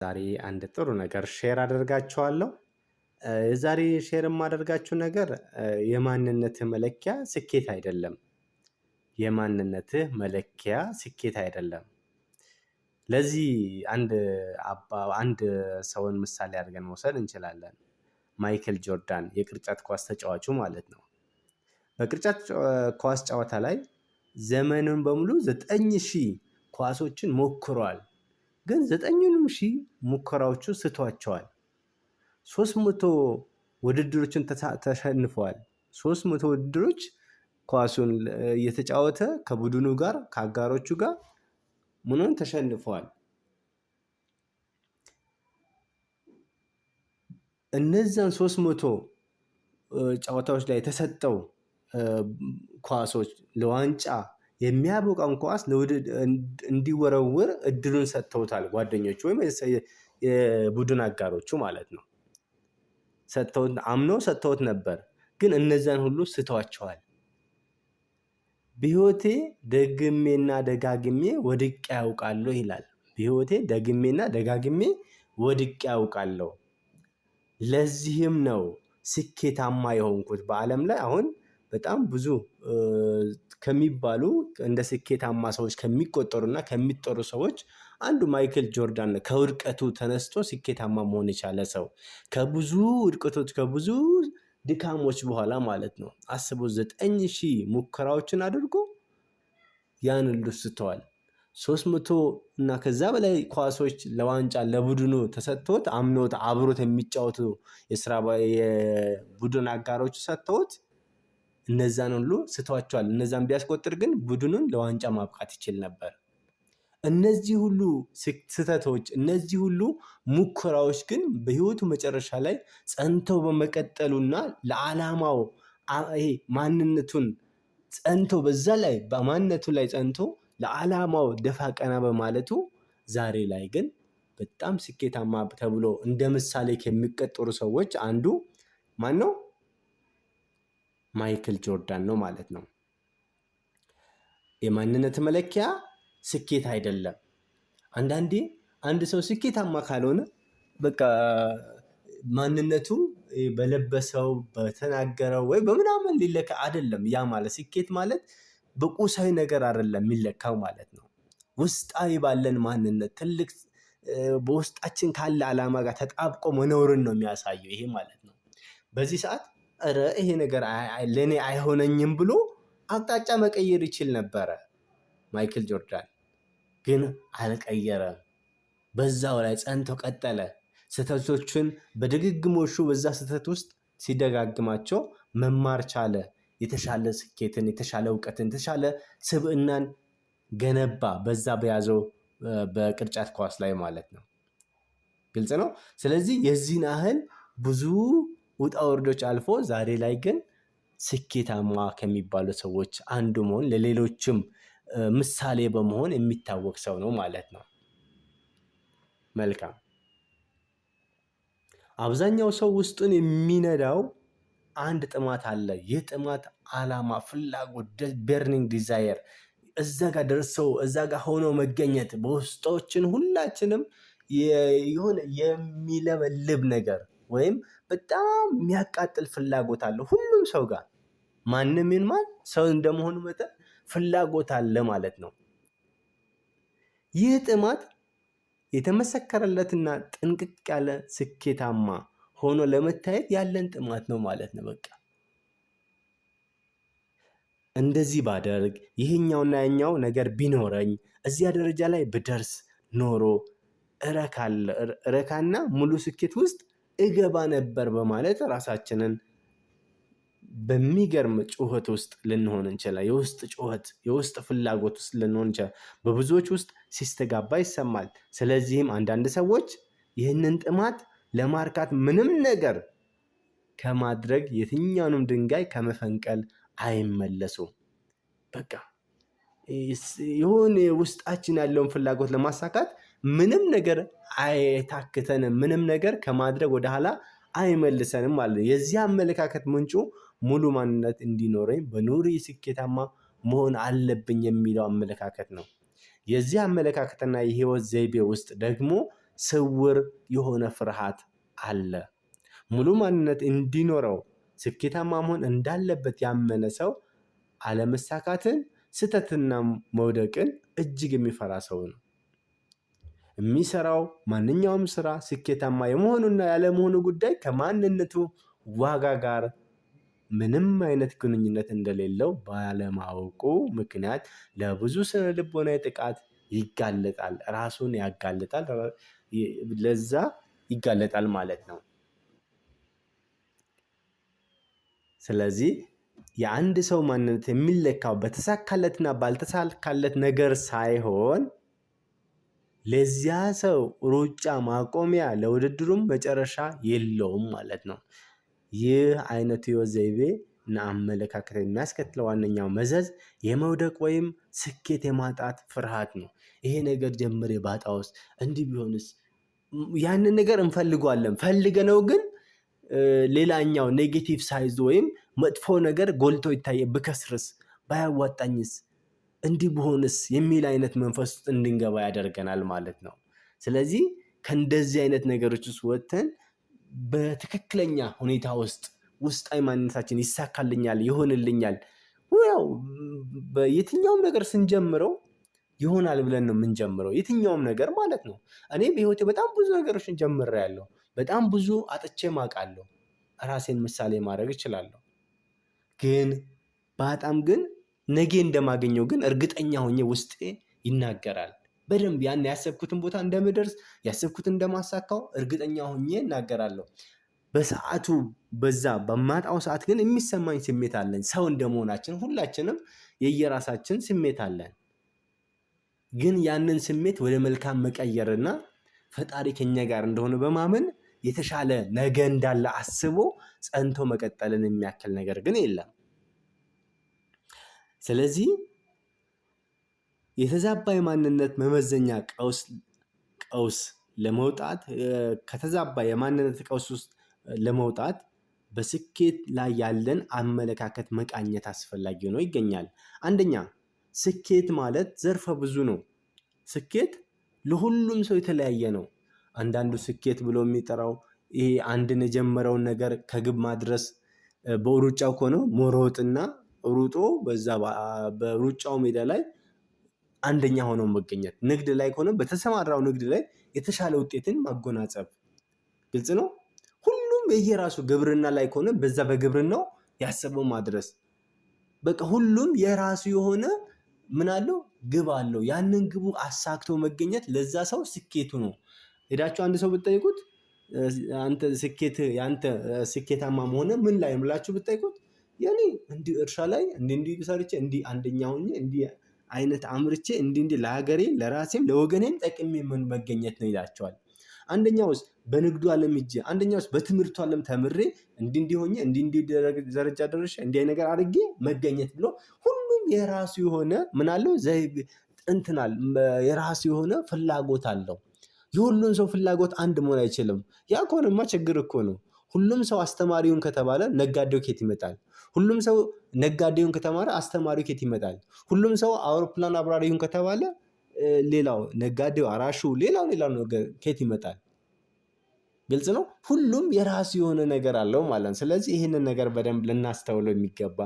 ዛሬ አንድ ጥሩ ነገር ሼር አደርጋችኋለሁ። የዛሬ ሼር የማደርጋችሁ ነገር የማንነትህ መለኪያ ስኬት አይደለም። የማንነትህ መለኪያ ስኬት አይደለም። ለዚህ አንድ አንድ ሰውን ምሳሌ አድርገን መውሰድ እንችላለን። ማይክል ጆርዳን የቅርጫት ኳስ ተጫዋቹ ማለት ነው። በቅርጫት ኳስ ጨዋታ ላይ ዘመኑን በሙሉ ዘጠኝ ሺህ ኳሶችን ሞክሯል። ግን ዘጠኙንም ሺህ ሙከራዎቹ ስቷቸዋል። ሶስት መቶ ውድድሮችን ተሸንፈዋል። ሶስት መቶ ውድድሮች ኳሱን እየተጫወተ ከቡድኑ ጋር ከአጋሮቹ ጋር ምኖን ተሸንፈዋል። እነዚያን ሶስት መቶ ጨዋታዎች ላይ የተሰጠው ኳሶች ለዋንጫ የሚያቦቃውን ኳስ እንዲወረውር እድሉን ሰጥተውታል ጓደኞቹ ወይም የቡድን አጋሮቹ ማለት ነው። አምነው ሰጥተውት ነበር፣ ግን እነዚያን ሁሉ ስተዋቸዋል። በሕይወቴ ደግሜና ደጋግሜ ወድቄ ያውቃለሁ ይላል። በሕይወቴ ደግሜና ደጋግሜ ወድቄ ያውቃለሁ። ለዚህም ነው ስኬታማ የሆንኩት በዓለም ላይ አሁን በጣም ብዙ ከሚባሉ እንደ ስኬታማ ሰዎች ከሚቆጠሩና ከሚጠሩ ሰዎች አንዱ ማይክል ጆርዳን ነው። ከውድቀቱ ተነስቶ ስኬታማ መሆን የቻለ ሰው ከብዙ ውድቀቶች ከብዙ ድካሞች በኋላ ማለት ነው። አስቦ ዘጠኝ ሺህ ሙከራዎችን አድርጎ ያን ልስተዋል ሶስት መቶ እና ከዛ በላይ ኳሶች ለዋንጫ ለቡድኑ ተሰጥቶት አምኖት አብሮት የሚጫወቱ የስራ የቡድን አጋሮች ሰጥተውት እነዛን ሁሉ ስተዋቸዋል። እነዛን ቢያስቆጥር ግን ቡድኑን ለዋንጫ ማብቃት ይችል ነበር። እነዚህ ሁሉ ስህተቶች፣ እነዚህ ሁሉ ሙከራዎች ግን በህይወቱ መጨረሻ ላይ ጸንተው በመቀጠሉና ለዓላማው ይሄ ማንነቱን ጸንቶ በዛ ላይ በማንነቱ ላይ ጸንቶ ለዓላማው ደፋ ቀና በማለቱ ዛሬ ላይ ግን በጣም ስኬታማ ተብሎ እንደ ምሳሌ ከሚቀጠሩ ሰዎች አንዱ ማን ነው? ማይክል ጆርዳን ነው ማለት ነው። የማንነት መለኪያ ስኬት አይደለም። አንዳንዴ አንድ ሰው ስኬታማ ካልሆነ በቃ ማንነቱ በለበሰው በተናገረው ወይ በምናምን ሊለካ አይደለም። ያ ማለት ስኬት ማለት በቁሳዊ ነገር አይደለም የሚለካው ማለት ነው። ውስጣዊ ባለን ማንነት ትልቅ በውስጣችን ካለ ዓላማ ጋር ተጣብቆ መኖርን ነው የሚያሳየው ይሄ ማለት ነው። በዚህ ሰዓት ኧረ ይሄ ነገር ለእኔ አይሆነኝም ብሎ አቅጣጫ መቀየር ይችል ነበረ ማይክል ጆርዳን ግን አልቀየረም። በዛው ላይ ጸንቶ ቀጠለ። ስህተቶቹን በድግግሞሹ በዛ ስህተት ውስጥ ሲደጋግማቸው መማር ቻለ። የተሻለ ስኬትን፣ የተሻለ እውቀትን፣ የተሻለ ስብዕናን ገነባ። በዛ በያዘው በቅርጫት ኳስ ላይ ማለት ነው። ግልጽ ነው። ስለዚህ የዚህን ያህል ብዙ ውጣ ወርዶች አልፎ ዛሬ ላይ ግን ስኬታማ ከሚባሉ ሰዎች አንዱ መሆን ለሌሎችም ምሳሌ በመሆን የሚታወቅ ሰው ነው ማለት ነው። መልካም። አብዛኛው ሰው ውስጡን የሚነዳው አንድ ጥማት አለ። ይህ ጥማት ዓላማ፣ ፍላጎት፣ በርኒንግ ዲዛየር እዛ ጋር ደርሰው እዛ ጋር ሆኖ መገኘት በውስጦችን ሁላችንም የሆነ የሚለበልብ ነገር ወይም በጣም የሚያቃጥል ፍላጎት አለ ሁሉም ሰው ጋር ማንም ይንማል ሰው እንደመሆኑ መጠን ፍላጎት አለ ማለት ነው። ይህ ጥማት የተመሰከረለትና ጥንቅቅ ያለ ስኬታማ ሆኖ ለመታየት ያለን ጥማት ነው ማለት ነው። በቃ እንደዚህ ባደርግ ይህኛውና ያኛው ነገር ቢኖረኝ እዚያ ደረጃ ላይ ብደርስ ኖሮ እረካና ሙሉ ስኬት ውስጥ እገባ ነበር በማለት ራሳችንን በሚገርም ጩኸት ውስጥ ልንሆን እንችላል። የውስጥ ጩኸት፣ የውስጥ ፍላጎት ውስጥ ልንሆን እንችላል። በብዙዎች ውስጥ ሲስተጋባ ይሰማል። ስለዚህም አንዳንድ ሰዎች ይህንን ጥማት ለማርካት ምንም ነገር ከማድረግ የትኛውንም ድንጋይ ከመፈንቀል አይመለሱ። በቃ ይሁን ውስጣችን ያለውን ፍላጎት ለማሳካት ምንም ነገር አይታክተንም፣ ምንም ነገር ከማድረግ ወደኋላ አይመልሰንም ማለት ነው። የዚህ አመለካከት ምንጩ ሙሉ ማንነት እንዲኖረኝ በኑሪ ስኬታማ መሆን አለብኝ የሚለው አመለካከት ነው። የዚህ አመለካከትና የህይወት ዘይቤ ውስጥ ደግሞ ስውር የሆነ ፍርሃት አለ። ሙሉ ማንነት እንዲኖረው ስኬታማ መሆን እንዳለበት ያመነ ሰው አለመሳካትን፣ ስህተትና መውደቅን እጅግ የሚፈራ ሰው ነው። የሚሰራው ማንኛውም ስራ ስኬታማ የመሆኑና ያለመሆኑ ጉዳይ ከማንነቱ ዋጋ ጋር ምንም አይነት ግንኙነት እንደሌለው ባለማወቁ ምክንያት ለብዙ ስነ ልቦና ጥቃት ይጋለጣል፣ ራሱን ያጋልጣል ለዛ ይጋለጣል ማለት ነው። ስለዚህ የአንድ ሰው ማንነት የሚለካው በተሳካለትና ባልተሳካለት ነገር ሳይሆን ለዚያ ሰው ሩጫ ማቆሚያ ለውድድሩም መጨረሻ የለውም ማለት ነው። ይህ አይነቱ ህይወት ዘይቤ እና አመለካከት የሚያስከትለው ዋነኛው መዘዝ የመውደቅ ወይም ስኬት የማጣት ፍርሃት ነው። ይሄ ነገር የባጣ ውስጥ እንዲህ ቢሆንስ፣ ያንን ነገር እንፈልገዋለን ፈልገነው ግን ሌላኛው ኔጌቲቭ ሳይዝ ወይም መጥፎ ነገር ጎልቶ ይታየ፣ ብከስርስ፣ ባያዋጣኝስ እንዲህ ብሆንስ የሚል አይነት መንፈስ ውስጥ እንድንገባ ያደርገናል ማለት ነው። ስለዚህ ከእንደዚህ አይነት ነገሮች ውስጥ ወጥተን በትክክለኛ ሁኔታ ውስጥ ውስጣዊ ማንነታችን ይሳካልኛል፣ ይሆንልኛል ያው በየትኛውም ነገር ስንጀምረው ይሆናል ብለን ነው የምንጀምረው። የትኛውም ነገር ማለት ነው። እኔ በህይወቴ በጣም ብዙ ነገሮችን ጀምሬያለሁ። በጣም ብዙ አጥቼ ማውቃለሁ ራሴን ምሳሌ ማድረግ እችላለሁ። ግን በጣም ግን ነገ እንደማገኘው ግን እርግጠኛ ሆኜ ውስጤ ይናገራል። በደንብ ያን ያሰብኩትን ቦታ እንደምደርስ ያሰብኩትን እንደማሳካው እርግጠኛ ሆኜ እናገራለሁ። በሰዓቱ በዛ በማጣው ሰዓት ግን የሚሰማኝ ስሜት አለን። ሰው እንደመሆናችን ሁላችንም የየራሳችን ስሜት አለን። ግን ያንን ስሜት ወደ መልካም መቀየርና ፈጣሪ ከኛ ጋር እንደሆነ በማመን የተሻለ ነገ እንዳለ አስቦ ጸንቶ መቀጠልን የሚያክል ነገር ግን የለም። ስለዚህ የተዛባ የማንነት መመዘኛ ቀውስ ቀውስ ለመውጣት ከተዛባ የማንነት ቀውስ ውስጥ ለመውጣት በስኬት ላይ ያለን አመለካከት መቃኘት አስፈላጊ ሆኖ ይገኛል። አንደኛ ስኬት ማለት ዘርፈ ብዙ ነው። ስኬት ለሁሉም ሰው የተለያየ ነው። አንዳንዱ ስኬት ብሎ የሚጠራው ይሄ አንድን የጀመረውን ነገር ከግብ ማድረስ፣ በሩጫው ከሆነ መሮጥና ሩጦ በዛ በሩጫው ሜዳ ላይ አንደኛ ሆኖ መገኘት፣ ንግድ ላይ ከሆነ በተሰማራው ንግድ ላይ የተሻለ ውጤትን ማጎናጸፍ። ግልጽ ነው። ሁሉም የየራሱ ግብርና ላይ ከሆነ በዛ በግብርናው ያሰበው ማድረስ። በቃ ሁሉም የራሱ የሆነ ምን አለው ግብ አለው። ያንን ግቡ አሳክቶ መገኘት ለዛ ሰው ስኬቱ ነው። ሄዳችሁ አንድ ሰው ብትጠይቁት አንተ ስኬት ያንተ ስኬታማ መሆነ ምን ላይ ብላችሁ ብትጠይቁት የኔ እንዲህ እርሻ ላይ እንዲህ እንዲህ ሰርቼ እንዲህ አንደኛ ሆኜ እንዲህ አይነት አምርቼ እንዲህ እንዲህ ለሀገሬ ለራሴም ለወገኔም ጠቅሜ ምን መገኘት ነው ይላቸዋል። አንደኛውስ በንግዱ ዓለም ሂጄ አንደኛውስ በትምህርቱ ዓለም ተምሬ እንዲህ እንዲህ ሆኜ እንዲህ እንዲህ ደረጃ ደርሼ እንዲህ ነገር አድርጌ መገኘት ብሎ ሁሉም የራሱ የሆነ ምን አለው ዘይቤ እንትናል የራሱ የሆነ ፍላጎት አለው። የሁሉን ሰው ፍላጎት አንድ መሆን አይችልም። ያ ከሆነማ ችግር እኮ ነው። ሁሉም ሰው አስተማሪውን ከተባለ ነጋዴው ኬት ይመጣል? ሁሉም ሰው ነጋዴውን ከተማረ አስተማሪው ኬት ይመጣል? ሁሉም ሰው አውሮፕላን አብራሪውን ከተባለ ሌላው ነጋዴው፣ አራሹ፣ ሌላው ሌላው ነገር ኬት ይመጣል? ግልጽ ነው። ሁሉም የራሱ የሆነ ነገር አለው ማለት ነው። ስለዚህ ይህንን ነገር በደንብ ልናስተውለው የሚገባ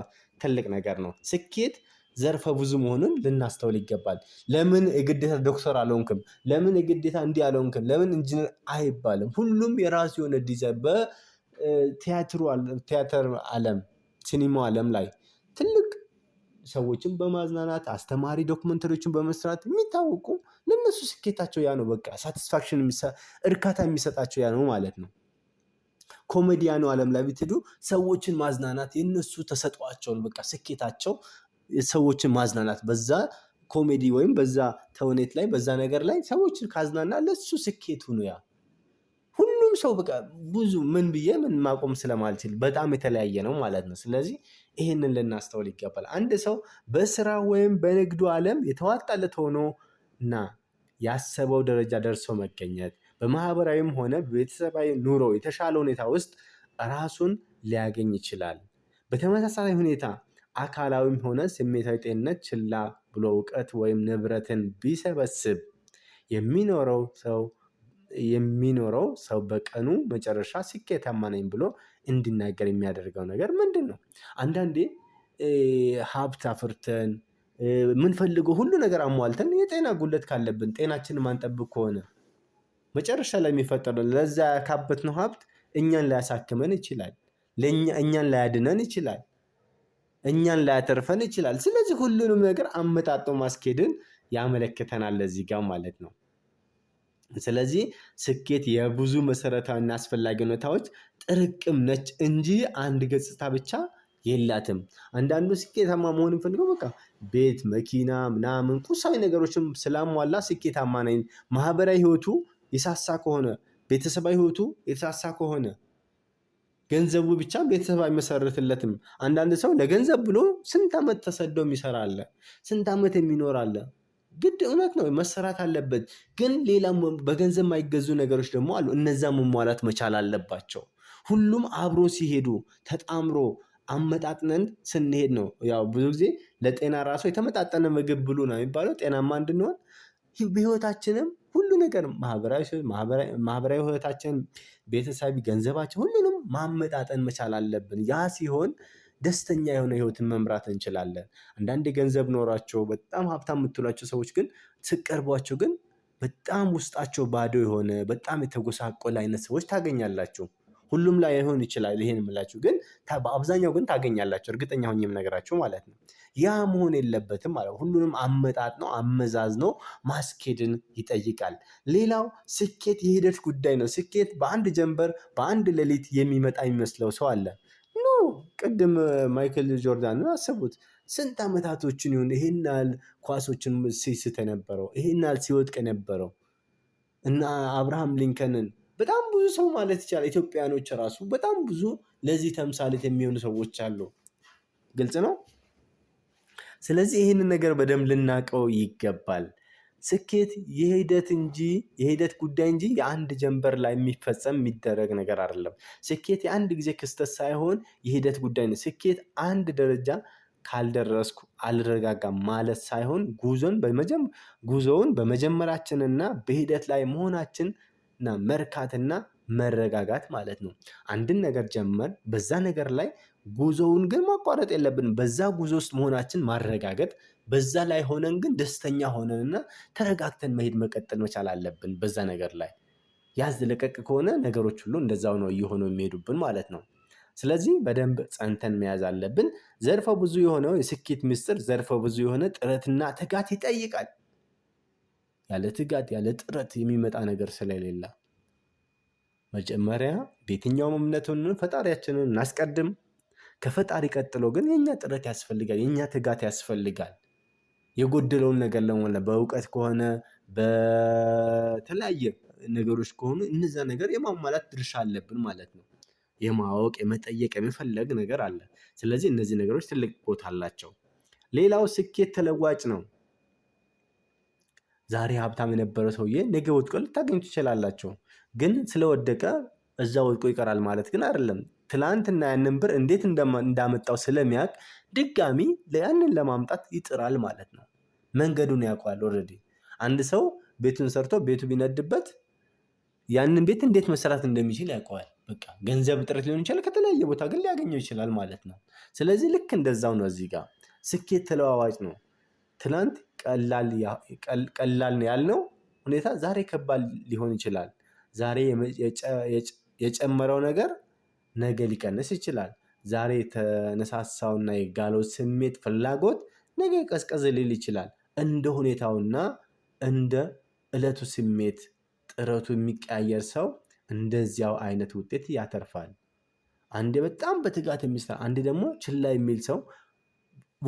ትልቅ ነገር ነው። ስኬት ዘርፈ ብዙ መሆኑን ልናስተውል ይገባል። ለምን የግዴታ ዶክተር አልሆንክም? ለምን የግዴታ እንዲህ አልሆንክም? ለምን ኢንጂነር አይባልም? ሁሉም የራሱ የሆነ ዲዛይን ቲያትሩ ቲያትር አለም ሲኒማው አለም ላይ ትልቅ ሰዎችን በማዝናናት አስተማሪ ዶክመንተሪዎችን በመስራት የሚታወቁ ለነሱ ስኬታቸው ያ ነው። በቃ ሳቲስፋክሽን እርካታ የሚሰጣቸው ያ ነው ማለት ነው። ኮሜዲያኑ አለም ላይ ብትሄዱ ሰዎችን ማዝናናት የነሱ ተሰጧቸውን በቃ ስኬታቸው ሰዎችን ማዝናናት በዛ ኮሜዲ ወይም በዛ ተውኔት ላይ በዛ ነገር ላይ ሰዎችን ካዝናና ለሱ ስኬቱ ነው ያ ሰው በቃ ብዙ ምን ብዬ ምን ማቆም ስለማልችል በጣም የተለያየ ነው ማለት ነው። ስለዚህ ይህንን ልናስተውል ይገባል። አንድ ሰው በስራ ወይም በንግዱ ዓለም የተዋጣለት ሆኖ እና ያሰበው ደረጃ ደርሶ መገኘት በማህበራዊም ሆነ በቤተሰባዊ ኑሮ የተሻለ ሁኔታ ውስጥ ራሱን ሊያገኝ ይችላል። በተመሳሳይ ሁኔታ አካላዊም ሆነ ስሜታዊ ጤንነት ችላ ብሎ እውቀት ወይም ንብረትን ቢሰበስብ የሚኖረው ሰው የሚኖረው ሰው በቀኑ መጨረሻ ስኬታማ ነኝ ብሎ እንዲናገር የሚያደርገው ነገር ምንድን ነው? አንዳንዴ ሀብት አፍርተን የምንፈልገው ሁሉ ነገር አሟልተን የጤና ጉለት ካለብን ጤናችንን ማንጠብቅ ከሆነ መጨረሻ ላይ የሚፈጠረው ለዛ ያካበትነው ሀብት እኛን ላያሳክመን ይችላል። እኛን ላያድነን ይችላል። እኛን ላያተርፈን ይችላል። ስለዚህ ሁሉንም ነገር አመጣጦ ማስኬድን ያመለክተናል ለዚህ ጋር ማለት ነው። ስለዚህ ስኬት የብዙ መሰረታዊና አስፈላጊ ሁኔታዎች ጥርቅም ነች እንጂ አንድ ገጽታ ብቻ የላትም። አንዳንዱ ስኬታማ መሆን ፈልገው በቃ ቤት፣ መኪና፣ ምናምን ቁሳዊ ነገሮችም ስላሟላ ስኬታማ ነኝ። ማህበራዊ ህይወቱ የሳሳ ከሆነ ቤተሰባዊ ህይወቱ የተሳሳ ከሆነ ገንዘቡ ብቻ ቤተሰብ አይመሰርትለትም። አንዳንድ ሰው ለገንዘብ ብሎ ስንት ዓመት ተሰዶ ይሰራል፣ ስንት ዓመት የሚኖር አለ። ግድ እውነት ነው መሰራት አለበት። ግን ሌላ በገንዘብ የማይገዙ ነገሮች ደግሞ አሉ። እነዛ መሟላት መቻል አለባቸው። ሁሉም አብሮ ሲሄዱ ተጣምሮ አመጣጥነን ስንሄድ ነው። ያው ብዙ ጊዜ ለጤና ራሱ የተመጣጠነ ምግብ ብሉ ነው የሚባለው ጤናማ እንድንሆን በህይወታችንም ሁሉ ነገር ማህበራዊ ህይወታችን፣ ቤተሰብ፣ ገንዘባችን ሁሉንም ማመጣጠን መቻል አለብን። ያ ሲሆን ደስተኛ የሆነ ህይወትን መምራት እንችላለን። አንዳንድ ገንዘብ ኖሯቸው በጣም ሀብታም የምትሏቸው ሰዎች ግን ስቀርቧቸው ግን በጣም ውስጣቸው ባዶ የሆነ በጣም የተጎሳቆለ አይነት ሰዎች ታገኛላችሁ። ሁሉም ላይ ሊሆን ይችላል። ይሄን የምላችሁ ግን በአብዛኛው ግን ታገኛላችሁ፣ እርግጠኛ ሆኜ የምነግራችሁ ማለት ነው። ያ መሆን የለበትም ማለት ሁሉንም አመጣጥ ነው አመዛዝ ነው ማስኬድን ይጠይቃል። ሌላው ስኬት የሂደት ጉዳይ ነው። ስኬት በአንድ ጀንበር በአንድ ሌሊት የሚመጣ የሚመስለው ሰው አለ። ቅድም ማይክል ጆርዳንን አሰቡት። ስንት ዓመታቶችን ይሁን ይህን ያህል ኳሶችን ሲስት የነበረው ይህን ያህል ሲወድቅ የነበረው እና አብርሃም ሊንከንን በጣም ብዙ ሰው ማለት ይቻላል ኢትዮጵያኖች ራሱ በጣም ብዙ ለዚህ ተምሳሌት የሚሆኑ ሰዎች አሉ። ግልጽ ነው። ስለዚህ ይህንን ነገር በደንብ ልናውቀው ይገባል። ስኬት የሂደት እንጂ የሂደት ጉዳይ እንጂ የአንድ ጀንበር ላይ የሚፈጸም የሚደረግ ነገር አይደለም። ስኬት የአንድ ጊዜ ክስተት ሳይሆን የሂደት ጉዳይ ነው። ስኬት አንድ ደረጃ ካልደረስኩ አልረጋጋም ማለት ሳይሆን ጉዞን በመጀመ ጉዞውን በመጀመራችንና በሂደት ላይ መሆናችንና መርካትና መረጋጋት ማለት ነው። አንድን ነገር ጀመር በዛ ነገር ላይ ጉዞውን ግን ማቋረጥ የለብንም። በዛ ጉዞ ውስጥ መሆናችን ማረጋገጥ በዛ ላይ ሆነን ግን ደስተኛ ሆነንና ተረጋግተን መሄድ መቀጠል መቻል አለብን። በዛ ነገር ላይ ያዝ ለቀቅ ከሆነ ነገሮች ሁሉ እንደዛው ነው እየሆኑ የሚሄዱብን ማለት ነው። ስለዚህ በደንብ ጸንተን መያዝ አለብን። ዘርፈ ብዙ የሆነው የስኬት ምስጢር ዘርፈ ብዙ የሆነ ጥረትና ትጋት ይጠይቃል። ያለ ትጋት ያለ ጥረት የሚመጣ ነገር ስለሌለ መጀመሪያ በየትኛውም እምነቱን ፈጣሪያችንን እናስቀድም። ከፈጣሪ ቀጥሎ ግን የእኛ ጥረት ያስፈልጋል፣ የእኛ ትጋት ያስፈልጋል። የጎደለውን ነገር ለሞላ በእውቀት ከሆነ በተለያየ ነገሮች ከሆኑ እነዛ ነገር የማሟላት ድርሻ አለብን ማለት ነው። የማወቅ የመጠየቅ የመፈለግ ነገር አለ። ስለዚህ እነዚህ ነገሮች ትልቅ ቦታ አላቸው። ሌላው ስኬት ተለዋጭ ነው። ዛሬ ሀብታም የነበረ ሰውዬ ነገ ወድቆ ልታገኙ ትችላላቸው። ግን ስለወደቀ እዛ ወድቆ ይቀራል ማለት ግን አይደለም። ትላንትና ያንን ብር እንዴት እንዳመጣው ስለሚያውቅ ድጋሚ ያንን ለማምጣት ይጥራል ማለት ነው። መንገዱን ያውቀዋል። ኦልሬዲ አንድ ሰው ቤቱን ሰርቶ ቤቱ ቢነድበት ያንን ቤት እንዴት መስራት እንደሚችል ያውቀዋል። በቃ ገንዘብ እጥረት ሊሆን ይችላል፣ ከተለያየ ቦታ ግን ሊያገኘው ይችላል ማለት ነው። ስለዚህ ልክ እንደዛው ነው። እዚህ ጋር ስኬት ተለዋዋጭ ነው። ትናንት ቀላል ነው ያልነው ሁኔታ ዛሬ ከባድ ሊሆን ይችላል። ዛሬ የጨመረው ነገር ነገ ሊቀንስ ይችላል። ዛሬ የተነሳሳውና የጋለው ስሜት ፍላጎት ነገ ቀዝቀዝ ሊል ይችላል። እንደ ሁኔታውና እንደ እለቱ ስሜት ጥረቱ የሚቀያየር ሰው እንደዚያው አይነት ውጤት ያተርፋል። አንዴ በጣም በትጋት የሚሰራ አንዴ ደግሞ ችላ የሚል ሰው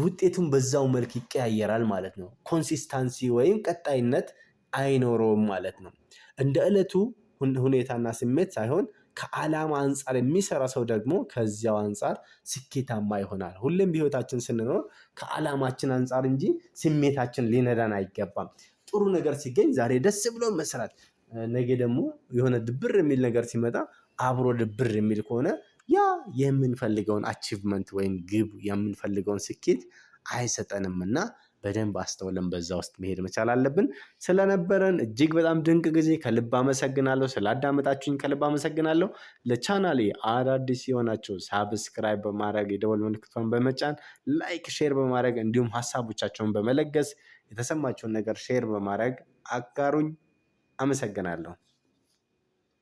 ውጤቱን በዛው መልክ ይቀያየራል ማለት ነው። ኮንሲስታንሲ ወይም ቀጣይነት አይኖረውም ማለት ነው። እንደ እለቱ ሁኔታና ስሜት ሳይሆን ከዓላማ አንጻር የሚሰራ ሰው ደግሞ ከዚያው አንጻር ስኬታማ ይሆናል። ሁሌም በህይወታችን ስንኖር ከዓላማችን አንጻር እንጂ ስሜታችን ሊነዳን አይገባም። ጥሩ ነገር ሲገኝ ዛሬ ደስ ብሎ መስራት፣ ነገ ደግሞ የሆነ ድብር የሚል ነገር ሲመጣ አብሮ ድብር የሚል ከሆነ ያ የምንፈልገውን አቺቭመንት ወይም ግብ የምንፈልገውን ስኬት አይሰጠንም እና በደንብ አስተውለን በዛ ውስጥ መሄድ መቻል አለብን። ስለነበረን እጅግ በጣም ድንቅ ጊዜ ከልብ አመሰግናለሁ። ስላዳመጣችሁኝ ከልብ አመሰግናለሁ። ለቻናሌ አዳዲስ የሆናቸው ሳብስክራይብ በማድረግ የደወል ምልክቷን በመጫን ላይክ፣ ሼር በማድረግ እንዲሁም ሀሳቦቻቸውን በመለገስ የተሰማቸውን ነገር ሼር በማድረግ አጋሩኝ። አመሰግናለሁ።